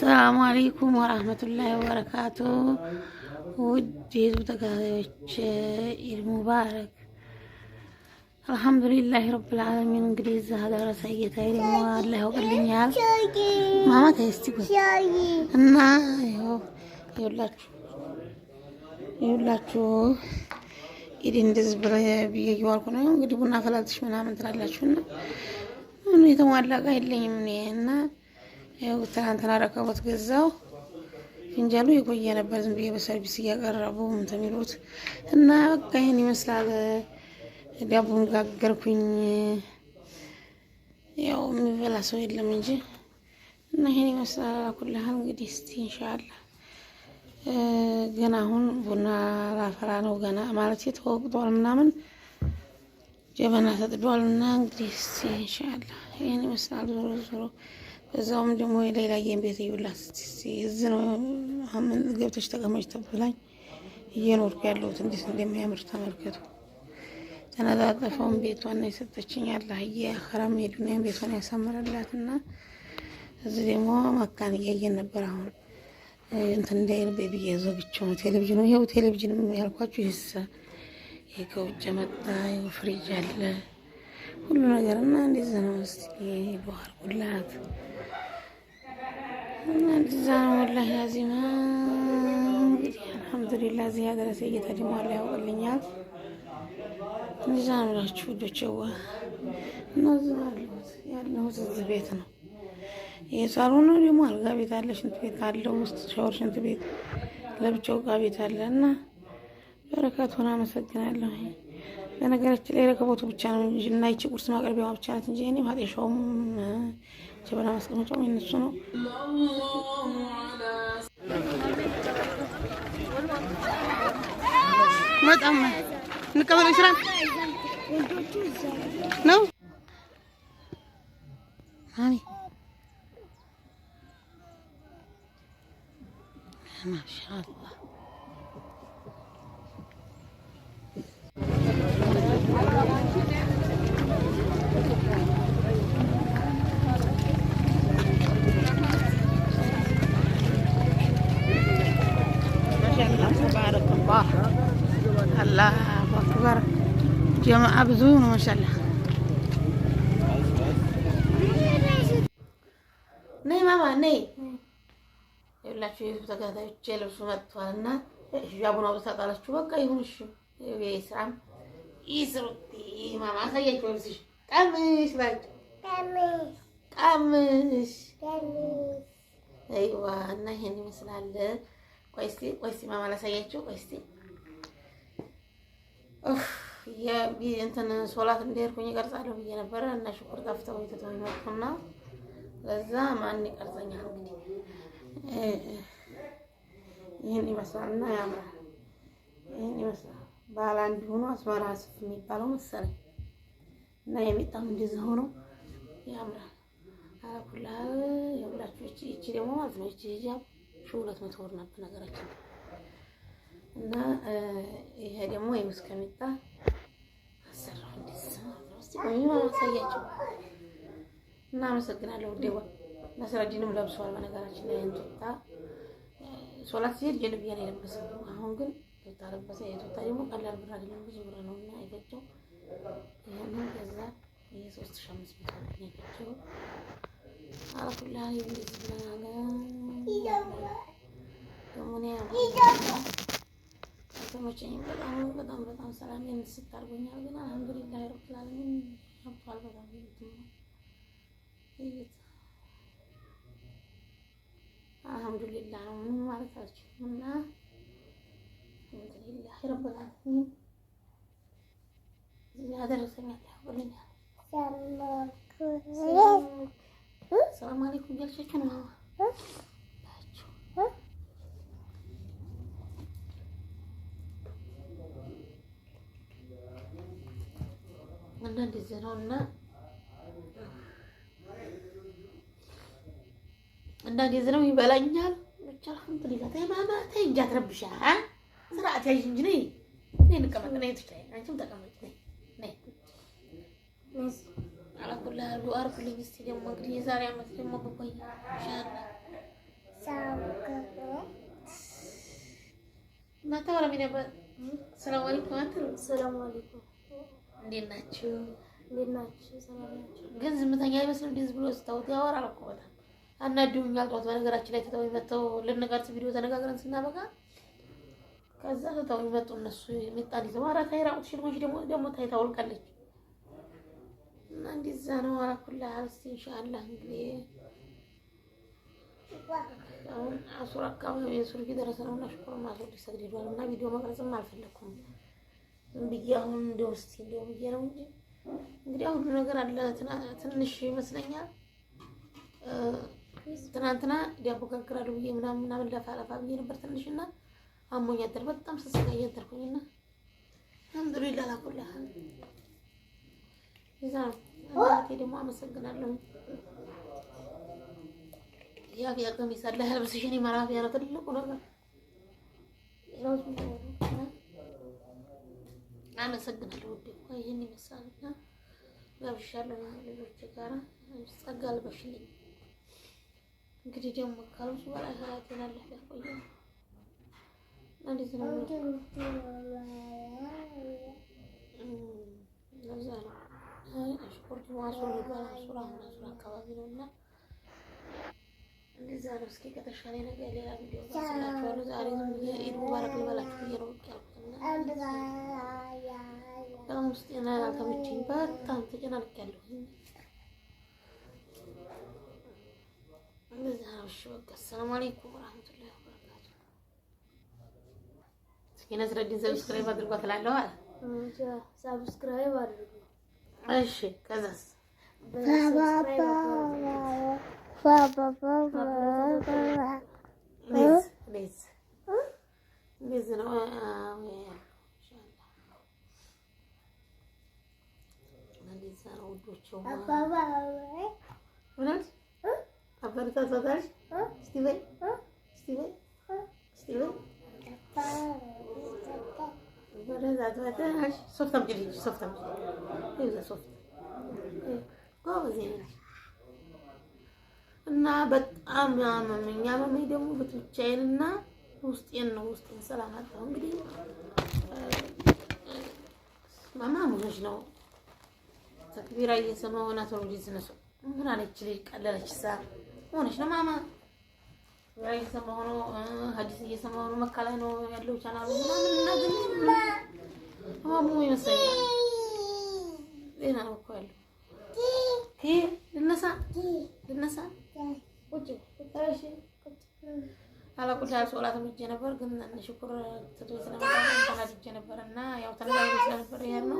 ሰላሙ አሌይኩም ወራህመቱላሂ ወበረካቱ። ውድ የህዝቡ ተከታታዮች ኢድ ሙባረክ። አልሐምዱሊላህ ረብል ዓለሚን። እንግዲህ እዛ ደረሰ ጌታ ደግሞ አላህ ያውቅልኛል። ማማ ተይስቲ እና ይኸውላችሁ ይኸውላችሁ ኢድ እንደዚህ ብዬ እየዋልኩ ነው። እንግዲህ ቡና ፈላልትሽ ምናምን ትላላችሁና ምን የተሟላ ጋ የለኝም እኔ እና ያው ትናንትና ረከቦት ገዛው። ፍንጃሉ የቆየ ነበር፣ ዝም ብዬ በሰርቪስ እያቀረቡ እንትን እና በቃ ይህን ይመስላል። ዳቦም ጋገርኩኝ። ያው የሚበላ ሰው የለም እንጂ እና ይህን ይመስላል። አኩላህል እንግዲህ እስቲ እንሻላ ገና አሁን ቡና ላፈራ ነው ገና ማለት ተወቅጧል፣ ምናምን ጀበና ተጥዷል። እና እንግዲህ እስቲ እንሻላ ይህን ይመስላል ዞሮ ዞሮ እዛውም ደግሞ ሌላ የቤት እዩላት እዚህ ነው ገብተሽ ተቀመጭ ተብላኝ እየኖርኩ ያለሁት እንዴት እንደሚያምር ተመልከቱ። ተነጣጠፈውን ቤቷን ነው የሰጠችኝ። አላህዬ አኸራም የዱንያን ቤቷን ያሳምርላት እና እዚህ ደግሞ መካን እያየን ነበር። አሁን እንትን እንዳይል ቤብዬ ዘግቼው ነው ቴሌቪዥኑ። ይኸው ቴሌቪዥን ያልኳችሁ ይሳ ከውጭ መጣ። ፍሪጅ አለ ሁሉ ነገር እና እንደዚህ ነው። እስኪ ዱዓ አድርጉላት። እዛ ነው ወላሂ አዚማ እንግዲህ አልሐምዱሊላህ እዚህ ሀገረ ሰየታ ደግሞ ያውቅልኛል። እዛ ነው ላችሁ ዶችዋ እና እዚህ ያለሁት ያለሁት እዚህ ቤት ነው። የሳሎኑ ደግሞ አልጋ ቤት አለ፣ ሽንት ቤት አለው፣ ውስጥ ሻወር፣ ሽንት ቤት ለብቻው እቃ ቤት አለ እና በረከት ሆና አመሰግናለሁ። በነገራችን ላይ ረከቦቱ ብቻ ነው እና ይቺ ቁርስ ማቅረቢያዋ ብቻ ናት እንጂ እኔ ማጤሻውም شباب ماسك مجموعة من شنو ما تأمل نكمل إشرام نو هاني ما ጀማአ ብዙ ነው ማሻላ። ነይ ማማ ነይ። ይኸውላችሁ የህዝብ ተከታዮች ልብሱ መጥቷልና ሂጃቡን አውጥታ ጣላችሁ። በቃ ይሁን እሺ። የስራም ይስሩት ማማ አሳያችሁ ልብስሽ ቀምሽ ባጭ ቀምሽ አይዋ እና ይሄን ይመስላል። ቆይ እስኪ ቆይ እስኪ ማማ ላሳያችሁ። ቆይ እስኪ እንትን ሶላት እንደሄድኩኝ እቀርጻለሁ ብዬ ነበረ እና ሽኩር ጠፍተው የተተወኝ መጥኩና ለዛ ማን ይቀርጸኛል እንግዲህ ይህን ይመስላል እና ያምራል። ይህን ይመስላል ባለ አንድ ሆኖ አስመራ ስፍ የሚባለው መሰለኝ እና የሚጣም እንደዛ ሆኖ ያምራል። አረኩላ የሁላችሁ እቺ ደግሞ ማለት ነው ይቺ ሂጃብ ሺህ ሁለት መቶ ብር ነበር ነገራችን እና ይሄ ደግሞ የምስከሚጣ የተሰራው አሳያቸው። እናመሰግናለሁ። ውዴዋ መስረጅንም ለብሷል። በነገራችን ላይ ቱታ ሶላት ሲሄድ ጀልብያ ነው የለበሰው። አሁን ግን ቱታ ለበሰ። የቱታ ደግሞ ቀላል ብር አይደለም፣ ብዙ ብር ነው እና አይገቸው ይህንን ከዛ የሶስት ሺህ አምስት መቶ ነገቸው አረፉላ እንደዚህ ብለናገ ደግሞ አልተመቸኝም። በጣም በጣም በጣም ሰላም የምስት አድርጎኛል። ግን አልሐምዱሊላህ ረብል ዓለሚን አብቷል። በጣም አልሐምዱሊላህ ነው ምንም ማለት አልችልም። እና አልሐምዱሊላህ ረብል ዓለሚን ያደረሰኝ ሰላም አለይኩም እያልሻችሁ ነው እና እንደዚህ ነው እና እና እንደዚህ ነው ይበላኛል። ብቻ አልሐምዱሊላህ ተይ ማማ ተይ እንጂ አትረብሻ ስርዓት ያዥ እንጂ ነይ ነይ እንቀመጥ ነይ ትችይ አንቺም ተቀመጭ ነይ ነይ አላኩላ አሉ አርፍልኝ እስቲ ደግሞ እንግዲህ የዛሬ አመት ደግሞ በቆይ ኢንሻአላህ እና ተባረሚ ነበር ሰላም አለይኩም አትልም ሰላም አለይኩም እንዴት ናችሁ? እንዴት ናችሁ? ግን ዝምተኛ አይመስልም። እንደዚህ ብሎ ስታወት ያወራል እኮ በጣም አናድዱኛል። ጠዋት በነገራችን ላይ ትተውኝ መጥተው ልንቀርጽ ቪዲዮ ተነጋግረን ስናበቃ ከዛ ትተውኝ መጡ እነሱ የሚጣን ይዘው ኧረ ተይ ራቁትሽን ሆንሽ ደግሞ ደግሞ ተይ ታውልቃለች እና እንዲዛ ነው አላኩላ እስኪ ኢንሻአላህ እንግዲህ አሁን አሱር አካባቢ የሱር ደረሰ ነው እና ሽኩር ማሱር ሊሰግድ ሄዷል እና ቪዲዮ መቅረጽም አልፈለኩም። ብዬ አሁን እንደው እስኪ እንደው ብዬ ነው እንጂ እንግዲህ አሁን ሁሉ ነገር አለ። ትንሽ ይመስለኛል ትናንትና ዳቦ ጋግራለሁ ብዬ ምናምን ምናምን ለፋ ለፋ ብዬ ነበር ትንሽና አሞኝ አደር በጣም ስስጋ እያደርኩኝና አልሐምዱሊላህ ላኩላ ይዛ እናቴ ደግሞ አመሰግናለሁ። ያ ያ ቀሚስ ያልብስሽን ማራፊያ ነው ትልቁ ነገር ነው። አመሰግናለሁ። ውድ ይህን ይመስላልና ጋብዣለሁ ልጆች ጋራ ጸጋ ልበሽልኝ። እንግዲህ ደግሞ ካልሱ በላይ ሀላቴን አለ ያቆየ እንዴት ነው ለዛ ነው ሽኮርት ማሱ ሱራ አካባቢ ነው እና እንደዛ ነው። እስኪ ከተሻለ ነገር ሌላ ቪዲዮ ባስላችኋለሁ። ዛሬ ዝም ብዬ ኢድ ሙባረክ ልበላችሁ ብዬ ነው ብቅ ያልኩት። በጣም ውስጥ አልተመቸኝ፣ በጣም ተጨናንቄያለሁ። እንደዛ ነው። እሺ በቃ አሰላሙ አለይኩም ወራህመቱላሂ ወበረካቱ። እስኪ ነስረዲን ሰብስክራይብ አድርጓት እላለሁ አለ። ሰብስክራይብ አድርጉ። እሺ ከዛስ Vá, vá, vá, vá, vá, vá. Mesa, mesa. Hã? Mesa não é. Ah, é. Analisar o do chão. Vá, vá, vá. Hã? A perna tá toda? Hã? Estive? Hã? Estive? Hã? Estive? Tá. Verdade, vai ter. Softa um bocadinho, softa um bocadinho. Deus, softa. Como assim? እና በጣም አመመኝ። አመመኝ ደግሞ ብቻዬን እና ውስጤን ነው ውስጤን ሰላም አጣሁ። እንግዲህ ማማ ሙሽ ነው ተክቢራ እየሰማሁ ናት። ወንጂ ዝነሱ ምን አለች ልጅ ቀለለች ሳ ሆነች ነው ማማ ተክቢራ እየሰማሁ ነው፣ ሀዲስ እየሰማሁ ነው። መካ ላይ ነው ያለው ቻናሉ ምናምን እና ግን ማሙ ይመስለኛል ዜና ነው እኮ ያለው ይሄ ልነሳ ልነሳ አላቁላ ሶላት ምጄ ነበር ግን ሽኩር ትቶ ስለመጣ ነበር እና ያው ተነጋግሮ ስለነበር ይሄን ነው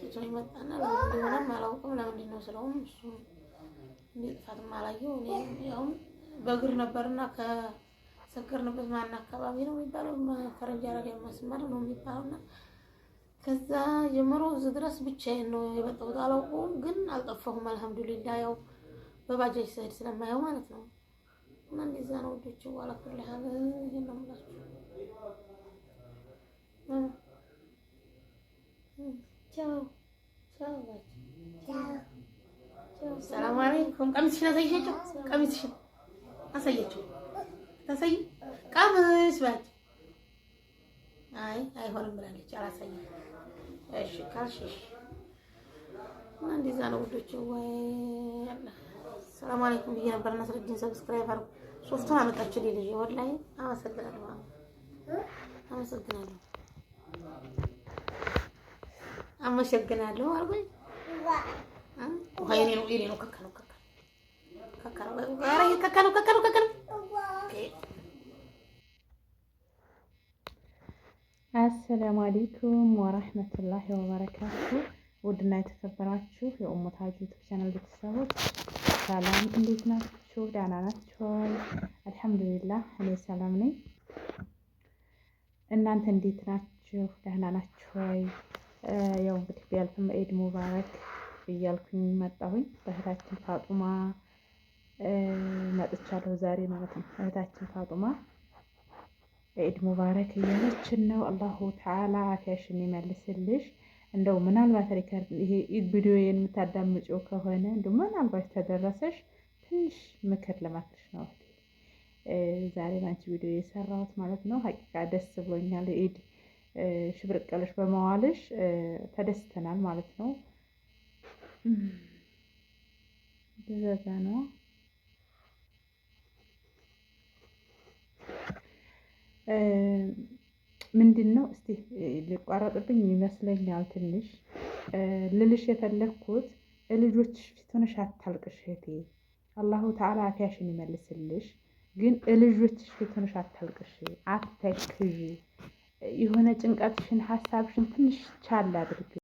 ትቶ ይመጣና ሆነም አላውቅም ለምንድን ነው ስለውም እሱ ጥፋትም አላየው ያውም በእግር ነበርና ከሰገርንበት ማን አካባቢ ነው የሚባለው ፈረንጅ አረጋ መስመር ነው የሚባለውና ከዛ ጀምሮ እዚህ ድረስ ብቻዬን ነው የመጣሁት። አላውቀውም ግን አልጠፋሁም። አልሐምዱሊላ ያው በባጃጅ ስሄድ ስለማየው ማለት ነው። እና እንደዛ ነው ወዶች ዋላኩል ሀል ይሄን ነው የምላችሁ። ሰላም አለይኩም። ቀሚስሽን አሳያቸው፣ ቀሚስሽን አሳያቸው፣ ታሳይ ቀሚስ ባጭ። አይ አይሆንም ብላለች፣ አላሳይም። እሺ ካልሽ እሺ። እና እንደዛ ነው ወዶች ወይ ሰላም አለይኩም ብዬ ነበር። ነስረዲን ሰብስክራይብ አድርጉ። ሶፍቱን አመጣችልኝ ልጅ ወላሂ አመሰግናለሁ፣ አመሰግናለሁ፣ አመሰግናለሁ አልኩኝ። ውሃ የኔ ነው ነው። ከከ ነው ከከ ነው ከከ ነው ከከ ነው ከከ ነው። አሰላሙ አለይኩም ወራህመቱላሂ ወበረካቱ። ውድና የተከበራችሁ የኡሙ ታጁ ቻናል ቤተሰቦች ሰላም እንዴት ናችሁ? ደህና ናችሁ? አልሐምዱሊላህ እኔ ሰላም ነኝ። እናንተ እንዴት ናችሁ? ደህና ናችሁ ወይ? ያው እንግዲህ ቢያልፍም ኢድ ሙባረክ እያልኩኝ መጣሁኝ። በእህታችን ፋጡማ መጥቻለሁ ዛሬ ማለት ነው። እህታችን ፋጡማ ኢድ ሙባረክ እያለችን ነው። አላሁ ተዓላ አፊያሽን ይመልስልሽ እንደው ምናልባት ሪከርድ ይሄ ቪዲዮ የምታዳምጪው ከሆነ እንደው ምናልባት ተደረሰሽ ትንሽ ምክር ልመክርሽ ነው። ዛሬ ባንቺ ቪዲዮ የሰራሁት ማለት ነው። ሀቂቃ ደስ ብሎኛል። ኢድ ሽብርቅልሽ በመዋልሽ ተደስተናል ማለት ነው። ብዘጋ ነው ምንድን ነው እስቲ ሊቋረጥብኝ ይመስለኛል ትንሽ ልልሽ የፈለግኩት እልጆች ፊት አታልቅሽ እህቴ አላሁ ተዓላ አፊያሽን ይመልስልሽ ግን ልጆችሽ ፊት አታልቅሽ አትተክዢ የሆነ ጭንቀትሽን ሀሳብሽን ትንሽ ቻል አድርግ።